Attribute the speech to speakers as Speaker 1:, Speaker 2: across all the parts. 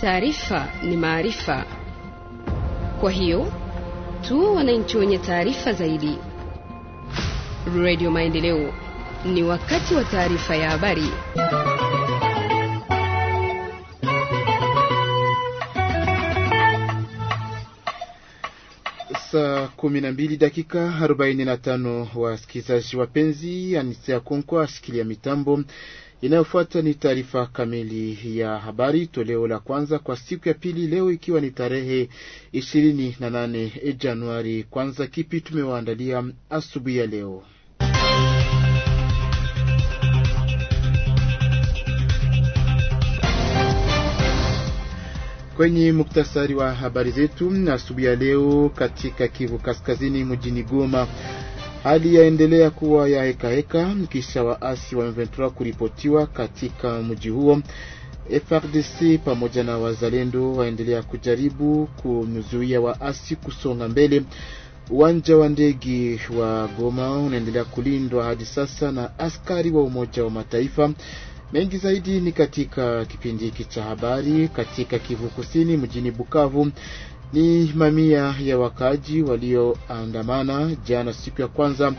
Speaker 1: Taarifa ni maarifa, kwa hiyo tu wananchi wenye taarifa zaidi. Radio Maendeleo, ni wakati wa taarifa ya habari.
Speaker 2: Saa 12 dakika 45, wasikilizaji wapenzi, Anisea Konkwa ashikilia mitambo Inayofuata ni taarifa kamili ya habari toleo la kwanza kwa siku ya pili leo, ikiwa ni tarehe 28 Januari. Kwanza kipi tumewaandalia asubuhi ya leo? Kwenye muktasari wa habari zetu asubuhi ya leo, katika Kivu Kaskazini mjini Goma Hali yaendelea kuwa ya hekaheka kisha waasi wa M23 kuripotiwa katika mji huo. frdc pamoja na wazalendo waendelea kujaribu kumzuia waasi kusonga mbele. Uwanja wa ndege wa Goma unaendelea kulindwa hadi sasa na askari wa Umoja wa Mataifa. Mengi zaidi ni katika kipindi hiki cha habari katika Kivu Kusini mjini Bukavu. Ni mamia ya wakaaji walioandamana jana siku ya kwanza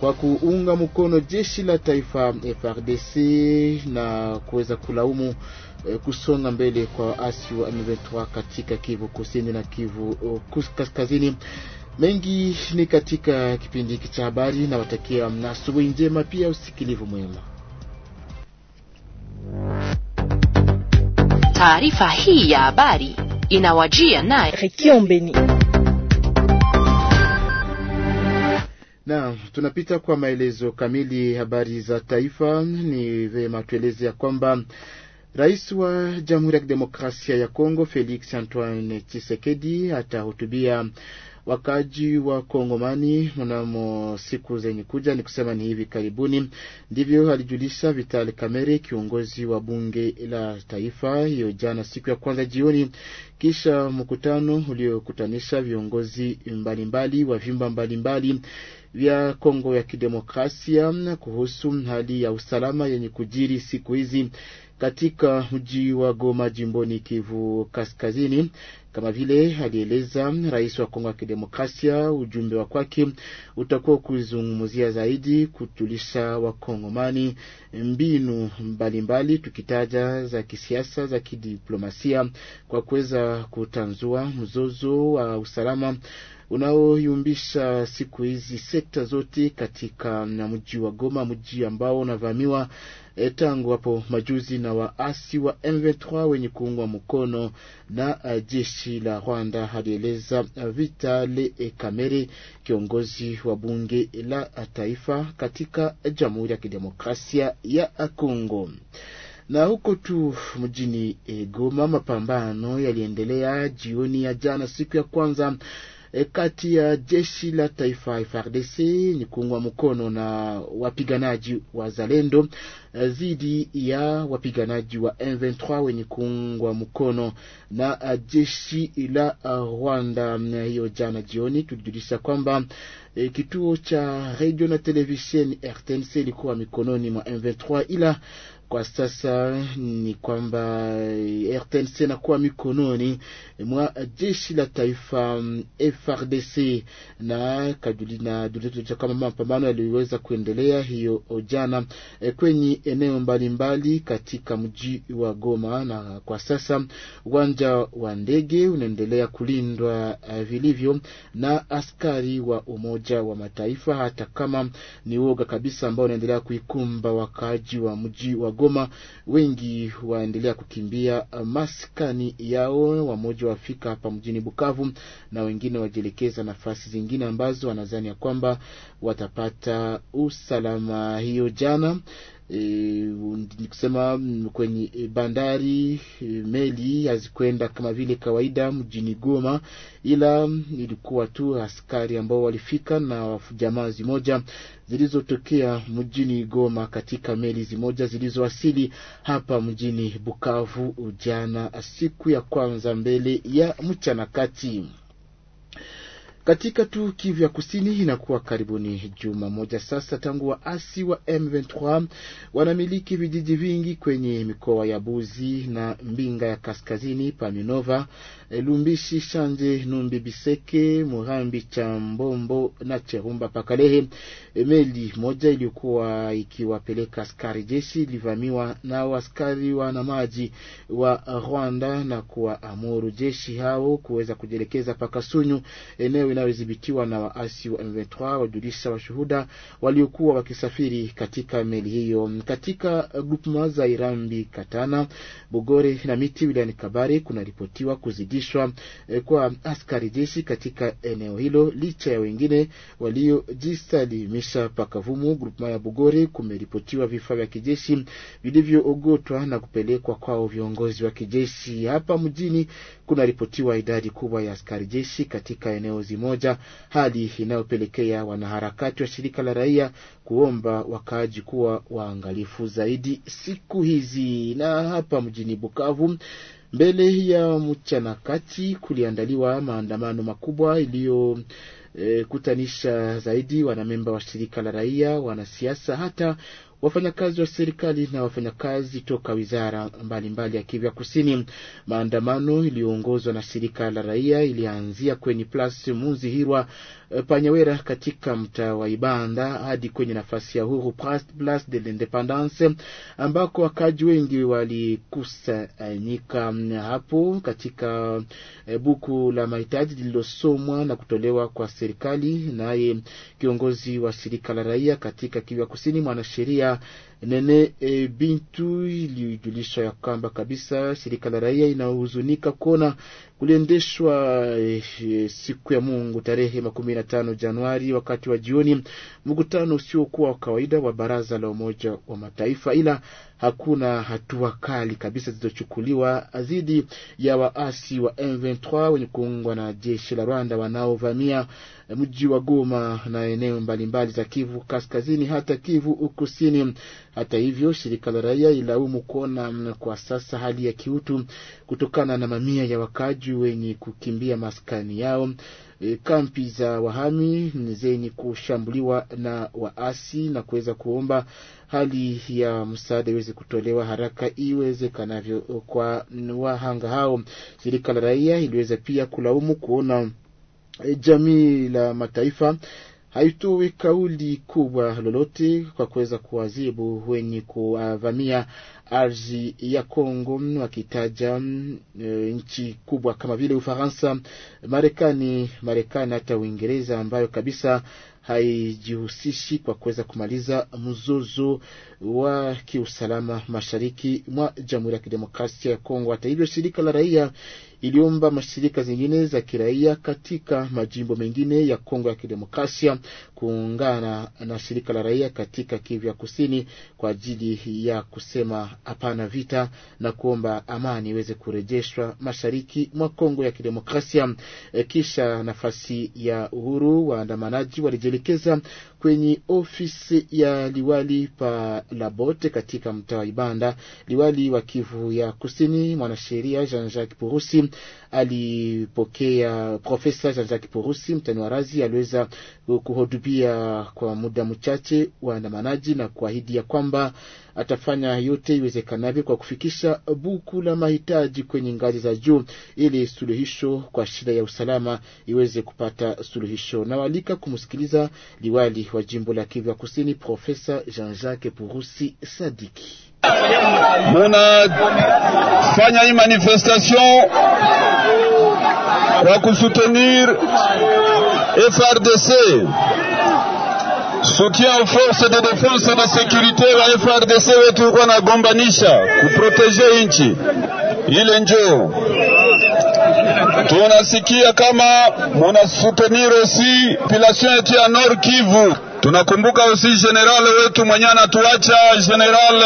Speaker 2: kwa kuunga mkono jeshi la taifa frdc na kuweza kulaumu eh, kusonga mbele kwa waasi wa M23 katika Kivu Kusini na Kivu oh, Kaskazini. Mengi ni katika kipindi hiki cha habari, na watakia na asubuhi njema, pia usikilivu mwema.
Speaker 1: Taarifa hii ya habari inawajia naye
Speaker 2: na tunapita kwa maelezo kamili. Habari za taifa ni vema tueleze ya kwamba Rais wa Jamhuri ya Kidemokrasia ya Kongo Felix Antoine Tshisekedi atahutubia wakaji wa Kongomani mnamo siku zenye kuja, ni kusema ni hivi karibuni. Ndivyo alijulisha Vital Kamerhe, kiongozi wa bunge la taifa, hiyo jana siku ya kwanza jioni, kisha mkutano uliokutanisha viongozi mbalimbali wa vyumba mbalimbali mbali, vya Kongo ya Kidemokrasia kuhusu hali ya usalama yenye kujiri siku hizi katika mji wa Goma jimboni Kivu Kaskazini, kama vile alieleza rais wa Kongo ya Kidemokrasia. Ujumbe wa kwake utakuwa kuzungumzia zaidi kutulisha wakongomani mbinu mbalimbali mbali, tukitaja za kisiasa za kidiplomasia kwa kuweza kutanzua mzozo wa usalama unaoyumbisha siku hizi sekta zote katika mji wa Goma, mji ambao unavamiwa e, tangu hapo majuzi na waasi wa M23 wenye kuungwa mkono na e, jeshi la Rwanda, alieleza e, Vitale Kamere, kiongozi wa bunge la taifa katika Jamhuri ya Kidemokrasia ya Kongo. Na huko tu mjini Goma, mapambano yaliendelea jioni ya jana, siku ya kwanza e, kati ya jeshi la taifa FARDC ni kuungwa mkono na wapiganaji wa Zalendo dhidi eh, ya wapiganaji wa M23 wenye kuungwa mkono na eh, jeshi la Rwanda. Mm, hiyo jana jioni tulijulisha kwamba e, kituo cha radio na televisheni RTNC ilikuwa mikononi mwa M23 ila kwa sasa ni kwamba RTNC inakuwa mikononi mwa jeshi la taifa mm, FRDC, na kajulisha kama mapambano yaliweza kuendelea hiyo jana e, kwenye eneo mbalimbali mbali katika mji wa Goma, na kwa sasa uwanja wa ndege unaendelea kulindwa e, vilivyo na askari wa Umoja wa Mataifa, hata kama ni uoga kabisa ambao unaendelea kuikumba wakaaji wa mji wa Goma. Goma, wengi waendelea kukimbia maskani yao. Wamoja wafika hapa mjini Bukavu na wengine wajielekeza nafasi zingine ambazo wanadhani ya kwamba watapata usalama. Hiyo jana E, eh, nikusema mm, kwenye eh, bandari eh, meli hazikwenda kama vile kawaida mjini Goma, ila mm, ilikuwa tu askari ambao walifika na jamaa zimoja zilizotokea mjini Goma katika meli zimoja zilizowasili hapa mjini Bukavu jana siku ya kwanza mbele ya mchana kati katika tu Kivu ya Kusini. Inakuwa karibuni juma moja sasa tangu waasi wa M23 wanamiliki vijiji vingi kwenye mikoa ya Buzi na Mbinga ya Kaskazini, Paminova Lumbishi, Shanje, Numbi, Biseke, Murambi, Chambombo na Cherumba Pakalehe. Meli moja iliyokuwa ikiwapeleka askari jeshi ilivamiwa na askari wanamaji wa Rwanda na kuwaamuru jeshi hao kuweza kujielekeza Pakasunyu, eneo inayodhibitiwa na waasi wa M23, wajulisha washuhuda waliokuwa wakisafiri katika meli hiyo. Katika grupma za Irambi, Katana, Bogore na miti wilayani Kabare kunaripotiwa kuzidi kurudishwa eh, kwa askari jeshi katika eneo hilo, licha ya wengine waliojisalimisha. Pakavumu grupma ya Bugori kumeripotiwa vifaa vya kijeshi vilivyoogotwa na kupelekwa kwao viongozi wa kijeshi. Hapa mjini kunaripotiwa idadi kubwa ya askari jeshi katika eneo zimoja, hali inayopelekea wanaharakati wa shirika la raia kuomba wakaaji kuwa waangalifu zaidi siku hizi. Na hapa mjini Bukavu mbele ya mchana kati kuliandaliwa maandamano makubwa iliyo e, kutanisha zaidi wanamemba wa shirika la raia, wanasiasa hata wafanyakazi wa serikali na wafanyakazi toka wizara mbalimbali mbali ya Kivu Kusini. Maandamano iliyoongozwa na shirika la raia ilianzia kwenye Plas Muzi Hirwa eh, Panyawera katika mtaa wa Ibanda hadi kwenye nafasi ya huru Place de l'Independance, ambako wakaji wengi walikusanyika mm, hapo katika eh, buku la mahitaji lililosomwa na kutolewa kwa serikali. Naye kiongozi wa shirika la raia katika Kivu Kusini, mwanasheria uh, Nene e, Bintu ilijulisha ya kwamba kabisa shirika la raia inahuzunika kuona kuliendeshwa e, e, siku ya Mungu tarehe makumi na tano Januari wakati wa jioni mkutano usiokuwa wa kawaida wa baraza la Umoja wa Mataifa, ila hakuna hatua kali kabisa zilizochukuliwa dhidi ya waasi wa M23 wenye kuungwa na jeshi la Rwanda wanaovamia mji wa Goma na eneo mbalimbali za Kivu Kaskazini hata Kivu Kusini. Hata hivyo, shirika la raia ilaumu kuona kwa sasa hali ya kiutu kutokana na mamia ya wakaji wenye kukimbia maskani yao. E, kampi za wahami ni zenye kushambuliwa na waasi na kuweza kuomba hali ya msaada iweze kutolewa haraka iwezekanavyo kwa wahanga hao. Shirika la raia iliweza pia kulaumu kuona e, jamii la mataifa haitoi kauli kubwa lolote kwa kuweza kuwazibu wenye kuwavamia ardhi ya Kongo, wakitaja e, nchi kubwa kama vile Ufaransa, Marekani, Marekani hata Uingereza ambayo kabisa haijihusishi kwa kuweza kumaliza mzozo wa kiusalama mashariki mwa Jamhuri ya Kidemokrasia ya Kongo. Hata hivyo, shirika la raia iliomba mashirika zingine za kiraia katika majimbo mengine ya Kongo ya Kidemokrasia kuungana na shirika la raia katika Kivu ya Kusini kwa ajili ya kusema hapana vita na kuomba amani iweze kurejeshwa mashariki mwa Kongo ya Kidemokrasia. E, kisha nafasi ya uhuru, waandamanaji walijielekeza kwenye ofisi ya liwali pa Labote katika mtaa wa Ibanda. Liwali wa Kivu ya Kusini, mwanasheria Jean-Jacques Purusi alipokea Profesa Jean-Jacques Purusi mtani wa razi, aliweza kuhudubia kwa muda mchache waandamanaji na kuahidi ya kwamba atafanya yote iwezekanavyo kwa kufikisha buku la mahitaji kwenye ngazi za juu ili suluhisho kwa shida ya usalama iweze kupata suluhisho. Nawaalika kumsikiliza liwali wa jimbo la Kivu ya Kusini, Profesa Jean-Jacques
Speaker 3: Purusi Sadiki. Munafanya hii manifestation kwa kusutenir FRDC aux force de défense na sécurité wa FRDC wetu uko nagombanisha kuprotege nchi ile, njo tunasikia kama muna soutenir aussi population yetu ya Nord Kivu. Tunakumbuka aussi general wetu mwenye anatuacha general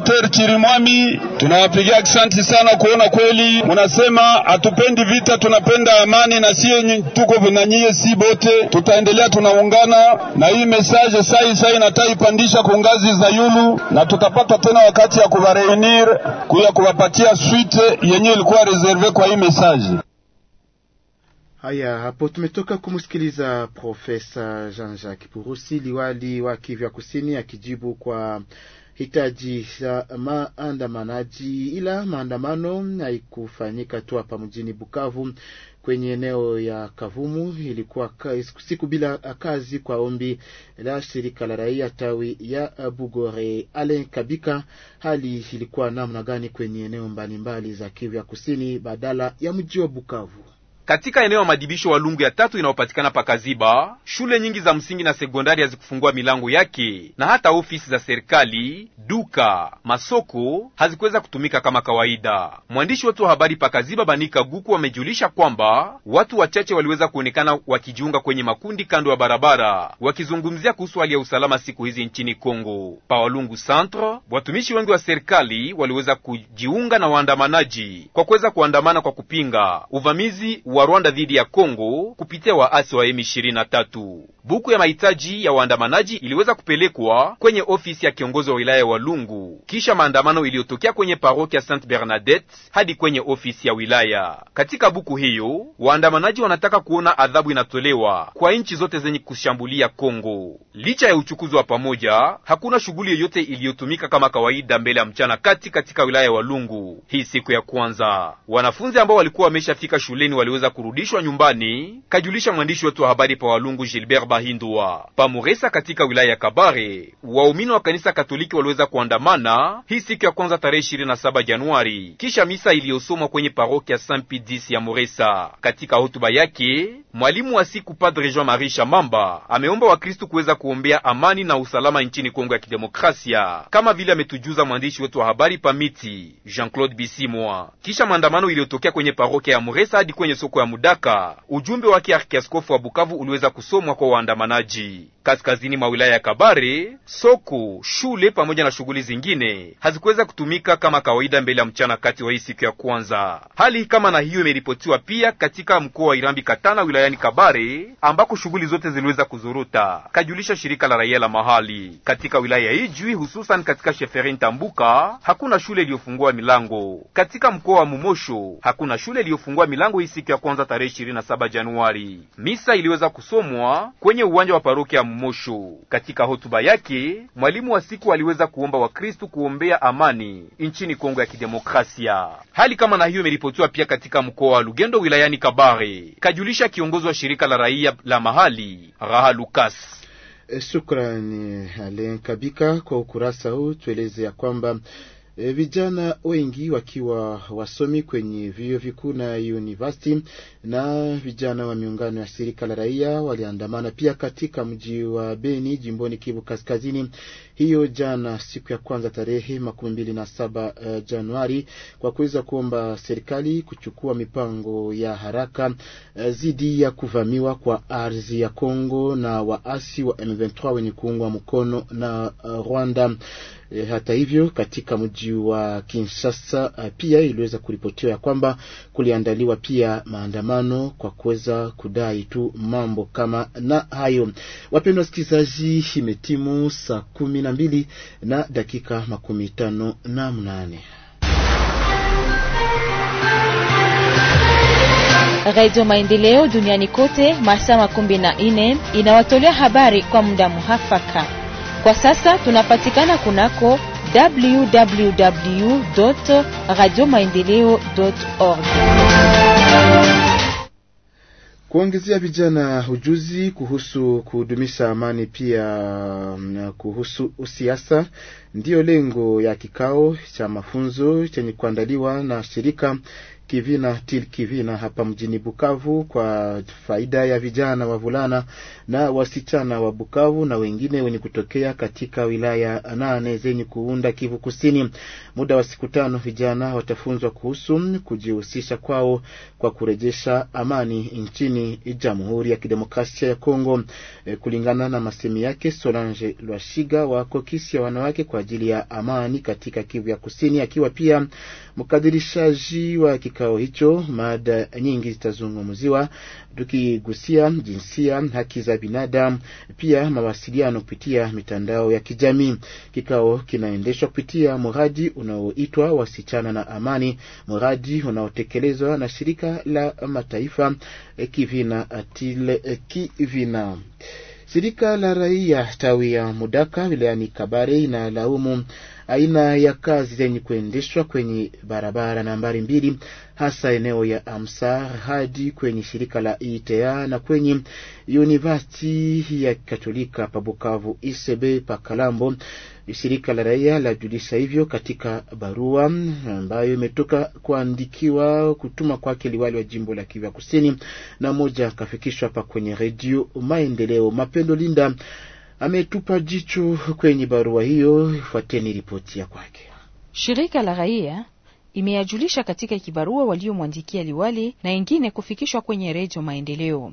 Speaker 3: Peter Chirimwami, tunawapigia asante sana kuona kweli munasema hatupendi vita, tunapenda amani, na siye tuko na nyie, si bote tutaendelea, tunaungana na hii message sai sai nataipandisha ngazi za yulu, na tutapata tena wakati ya kuvareunir kuya kuwapatia suite yenye ilikuwa reserve kwa hii message.
Speaker 2: Haya, hapo tumetoka kumsikiliza Profesa Jean-Jacques Purusi, liwali wa Kivu Kusini, akijibu kwa hitaji za maandamanaji, ila maandamano haikufanyika tu hapa mjini Bukavu kwenye eneo ya Kavumu ilikuwa siku bila kazi kwa ombi la shirika la raia tawi ya Bugore. Alen Kabika, hali ilikuwa namna gani kwenye eneo mbalimbali
Speaker 3: za Kivu ya Kusini badala ya mji wa Bukavu? katika eneo ya madibisho wa lungu ya tatu inayopatikana pakaziba, shule nyingi za msingi na sekondari hazikufungua milango yake na hata ofisi za serikali, duka, masoko hazikuweza kutumika kama kawaida. Mwandishi wetu wa habari pakaziba Banika Guku wamejulisha kwamba watu wachache waliweza kuonekana wakijiunga kwenye makundi kando ya barabara wakizungumzia kuhusu hali ya usalama siku hizi nchini Kongo. pa walungu centre, watumishi wengi wa serikali waliweza kujiunga na waandamanaji kwa kuweza kuandamana kwa kupinga uvamizi wa Rwanda dhidi ya Kongo kupitia waasi wa M23. Buku ya mahitaji ya waandamanaji iliweza kupelekwa kwenye ofisi ya kiongozi wa wilaya wa lungu kisha maandamano iliyotokea kwenye parokia Saint Bernadette hadi kwenye ofisi ya wilaya. Katika buku hiyo, waandamanaji wanataka kuona adhabu inatolewa kwa nchi zote zenye kushambulia Kongo. Licha ya uchukuzi wa pamoja, hakuna shughuli yoyote iliyotumika kama kawaida mbele ya mchana kati katika wilaya wa lungu hii siku ya kwanza. Wanafunzi ambao walikuwa wameshafika shuleni waliweza za kurudishwa nyumbani, kajulisha mwandishi wetu wa habari pa Walungu Gilbert Bahindua Pamuresa katika wilaya ya Kabare, waumini wa kanisa Katoliki waliweza kuandamana hii siku ya kwanza tarehe 27 Januari kisha misa iliyosomwa kwenye parokia Saint Pidis ya Muresa. Katika hotuba yake, mwalimu wa siku Padre Jean Marie Shamamba ameomba Wakristu kuweza kuombea amani na usalama nchini Kongo ya Kidemokrasia, kama vile ametujuza mwandishi wetu wa habari pa Miti Jean-Claude Bisimwa, kisha maandamano iliyotokea kwenye parokia ya Muresa hadi kwenye soko mabadiliko ya Mudaka. Ujumbe wake arkiaskofu wa Bukavu uliweza kusomwa kwa waandamanaji kaskazini mwa wilaya ya Kabare. Soko, shule pamoja na shughuli zingine hazikuweza kutumika kama kawaida mbele ya mchana kati wa hii siku ya kwanza. Hali kama na hiyo imeripotiwa pia katika mkoa wa Irambi Katana wilayani Kabare ambako shughuli zote ziliweza kuzuruta, kajulisha shirika la raia la mahali. Katika wilaya ya Ijwi hususan katika Sheferin Tambuka hakuna shule iliyofungua milango. Katika mkoa wa Mumosho hakuna shule iliyofungua milango hii siku ya kwanza tarehe saba Januari. Misa iliweza kusomwa kwenye uwanja wa parokia Mmosho. Katika hotuba yake, mwalimu wa siku aliweza kuomba Wakristu kuombea amani nchini Kongo ya Kidemokrasia. Hali kama na hiyo imeripotiwa pia katika mkoa wa Lugendo wilayani Kabare, kajulisha kiongozi wa shirika la raia la mahali Raha Lukas.
Speaker 2: Eh, shukrani Alen Kabika kwa ukurasa huu, tueleze ya kwamba E, vijana wengi wakiwa wasomi kwenye vyuo vikuu na university na vijana wa miungano ya shirika la raia waliandamana pia katika mji wa Beni jimboni Kivu Kaskazini hiyo jana siku ya kwanza tarehe makumi mbili na saba uh, Januari kwa kuweza kuomba serikali kuchukua mipango ya haraka uh, zidi ya kuvamiwa kwa ardhi ya Kongo na waasi wa M23 wenye kuungwa mkono na uh, Rwanda. hata hivyo katika mji wa Kinshasa pia iliweza kuripotiwa ya kwamba kuliandaliwa pia maandamano kwa kuweza kudai tu mambo kama na hayo. Wapendwa wasikilizaji, imetimu saa kumi na mbili na dakika makumi tano na mnane.
Speaker 1: Radio Maendeleo duniani kote masaa makumi na ine inawatolea habari kwa muda muhafaka. Kwa sasa tunapatikana kunako www radio maendeleo org
Speaker 2: kuongezea vijana ujuzi kuhusu kudumisha amani pia mm, kuhusu usiasa ndiyo lengo ya kikao cha mafunzo chenye kuandaliwa na shirika Kivina til Kivina hapa mjini Bukavu kwa faida ya vijana wavulana na wasichana wa Bukavu na wengine wenye kutokea katika wilaya nane zenye kuunda Kivu Kusini. Muda wa siku tano, vijana watafunzwa kuhusu kujihusisha kwao kwa kurejesha amani nchini Jamhuri ya Kidemokrasia ya Kongo. E, kulingana na masemi yake Solange Lwashiga wa Kokisi ya wanawake kwa ajili ya amani katika Kivu ya Kusini, akiwa pia mkadirishaji wa kikao hicho mada nyingi zitazungumziwa, tukigusia jinsia, haki za binadamu, pia mawasiliano kupitia mitandao ya kijamii. Kikao kinaendeshwa kupitia mradi unaoitwa Wasichana na Amani, mradi unaotekelezwa na shirika la mataifa eh, Kivina Atile eh, Kivina. Shirika la raia tawi ya Mudaka wilayani Kabare inalaumu aina ya kazi zenye kuendeshwa kwenye barabara nambari mbili hasa eneo ya Amsar hadi kwenye shirika la ITA na kwenye University ya Katolika pa Bukavu ICB pa Kalambo. Shirika la raia lajulisha hivyo katika barua ambayo imetoka kuandikiwa kutuma kwake liwali wa jimbo la Kivu Kusini, na moja akafikishwa pa kwenye redio Maendeleo. Mapendo Linda ametupa jicho kwenye barua hiyo. Fuateni ripoti ya kwake.
Speaker 1: Shirika la raia imeyajulisha katika kibarua waliomwandikia liwali na ingine kufikishwa kwenye redio Maendeleo.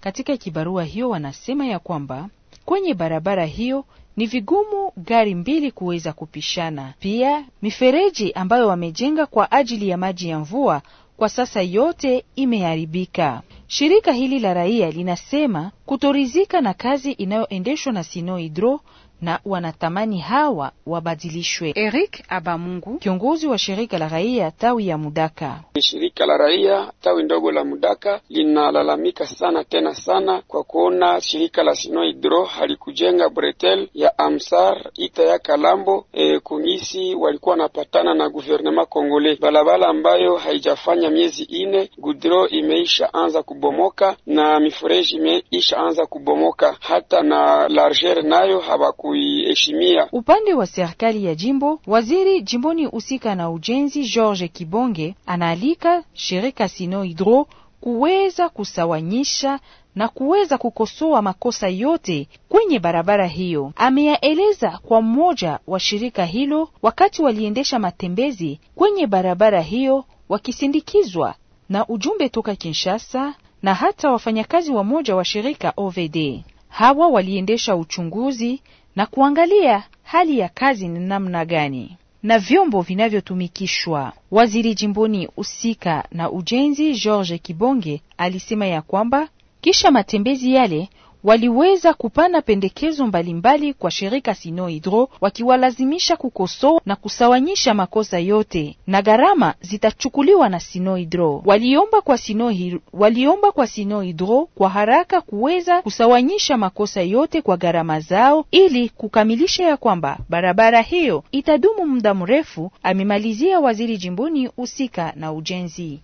Speaker 1: Katika kibarua hiyo wanasema ya kwamba kwenye barabara hiyo ni vigumu gari mbili kuweza kupishana. Pia mifereji ambayo wamejenga kwa ajili ya maji ya mvua kwa sasa yote imeharibika. Shirika hili la raia linasema kutorizika na kazi inayoendeshwa na Sinohydro na wanatamani hawa wabadilishwe. Eric Abamungu, kiongozi wa shirika la raia tawi ya Mudaka.
Speaker 3: Shirika la raia tawi ndogo la Mudaka linalalamika sana tena sana kwa kuona shirika la Sinohydro halikujenga bretel ya Amsar ita ya Kalambo e, kungisi walikuwa wanapatana na guvernema Kongole. Barabara ambayo haijafanya miezi ine, gudro imeisha anza kubomoka na mifereji imeisha anza kubomoka, hata na larger nayo hawaku kuiheshimia.
Speaker 1: Upande wa serikali ya jimbo, waziri jimboni husika na ujenzi George Kibonge anaalika shirika Sino Hydro kuweza kusawanyisha na kuweza kukosoa makosa yote kwenye barabara hiyo. Ameyaeleza kwa mmoja wa shirika hilo wakati waliendesha matembezi kwenye barabara hiyo wakisindikizwa na ujumbe toka Kinshasa na hata wafanyakazi wa moja wa shirika OVD. Hawa waliendesha uchunguzi na kuangalia hali ya kazi ni namna gani na vyombo vinavyotumikishwa. Waziri jimboni husika na ujenzi George Kibonge alisema ya kwamba kisha matembezi yale waliweza kupana pendekezo mbalimbali mbali kwa shirika Sinohydro wakiwalazimisha kukosoa na kusawanyisha makosa yote na gharama zitachukuliwa na Sinohydro. Waliomba kwa Sino, waliomba kwa Sinohydro kwa haraka kuweza kusawanyisha makosa yote kwa gharama zao ili kukamilisha ya kwamba barabara hiyo itadumu muda mrefu, amemalizia waziri jimboni husika na ujenzi.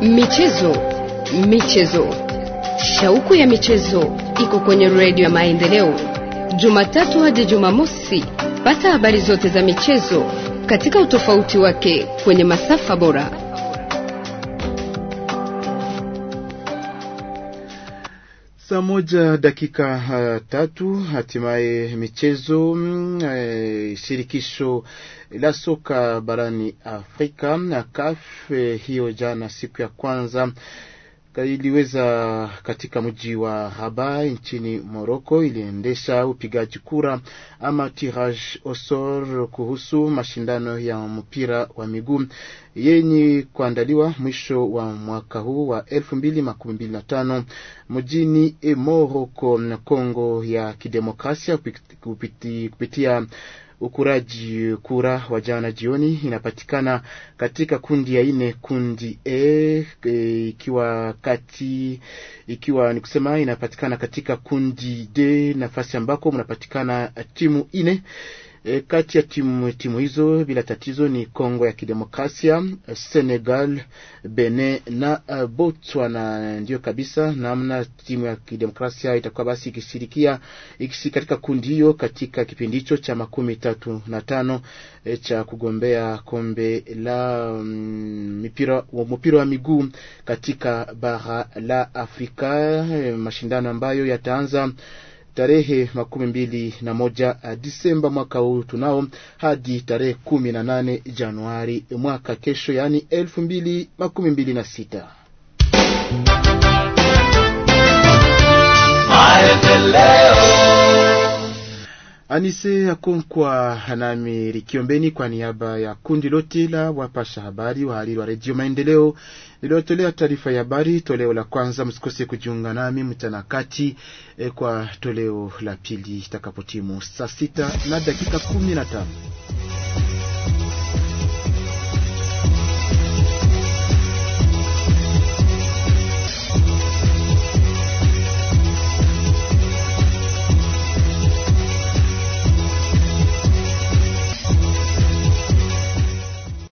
Speaker 1: Michezo, michezo Shauku ya michezo iko kwenye redio ya Maendeleo, Jumatatu hadi Jumamosi. Pata habari zote za michezo katika utofauti wake kwenye masafa bora.
Speaker 2: Saa moja dakika uh, tatu. Hatimaye michezo. Mm, shirikisho la soka barani Afrika na CAF eh, hiyo jana siku ya kwanza iliweza katika mji wa Rabat nchini Morocco, iliendesha upigaji kura ama tirage au sort kuhusu mashindano ya mpira wa miguu yenye kuandaliwa mwisho wa mwaka huu wa elfu mbili makumi mbili na tano mjini Morocco, Kongo ya Kidemokrasia kupitia Ukuraji kura wa jana jioni inapatikana katika kundi ya ine, kundi E, ikiwa kati ikiwa ni kusema inapatikana katika kundi D, nafasi ambako mnapatikana timu ine E, kati ya timu, timu hizo bila tatizo ni Kongo ya Kidemokrasia, Senegal, Benin na uh, Botswana. Ndiyo kabisa namna timu ya Kidemokrasia itakuwa basi ikishirikia ikisi katika kundi hiyo katika kipindi hicho cha makumi tatu na tano e, cha kugombea kombe la mm, mipira wa mpira wa miguu katika bara la Afrika e, mashindano ambayo yataanza tarehe makumi mbili na moja eh, Disemba mwaka huu tunao hadi tarehe kumi na nane Januari mwaka kesho, yaani elfu mbili makumi mbili na sita. Anise Akonkwa nami Likiombeni kwa niaba ya kundi lote la wapasha habari wahariri wa Redio Maendeleo niliotolea taarifa ya habari toleo la kwanza. Msikose kujiunga nami mchana kati eh, kwa toleo la pili itakapotimu saa sita na dakika kumi na tano.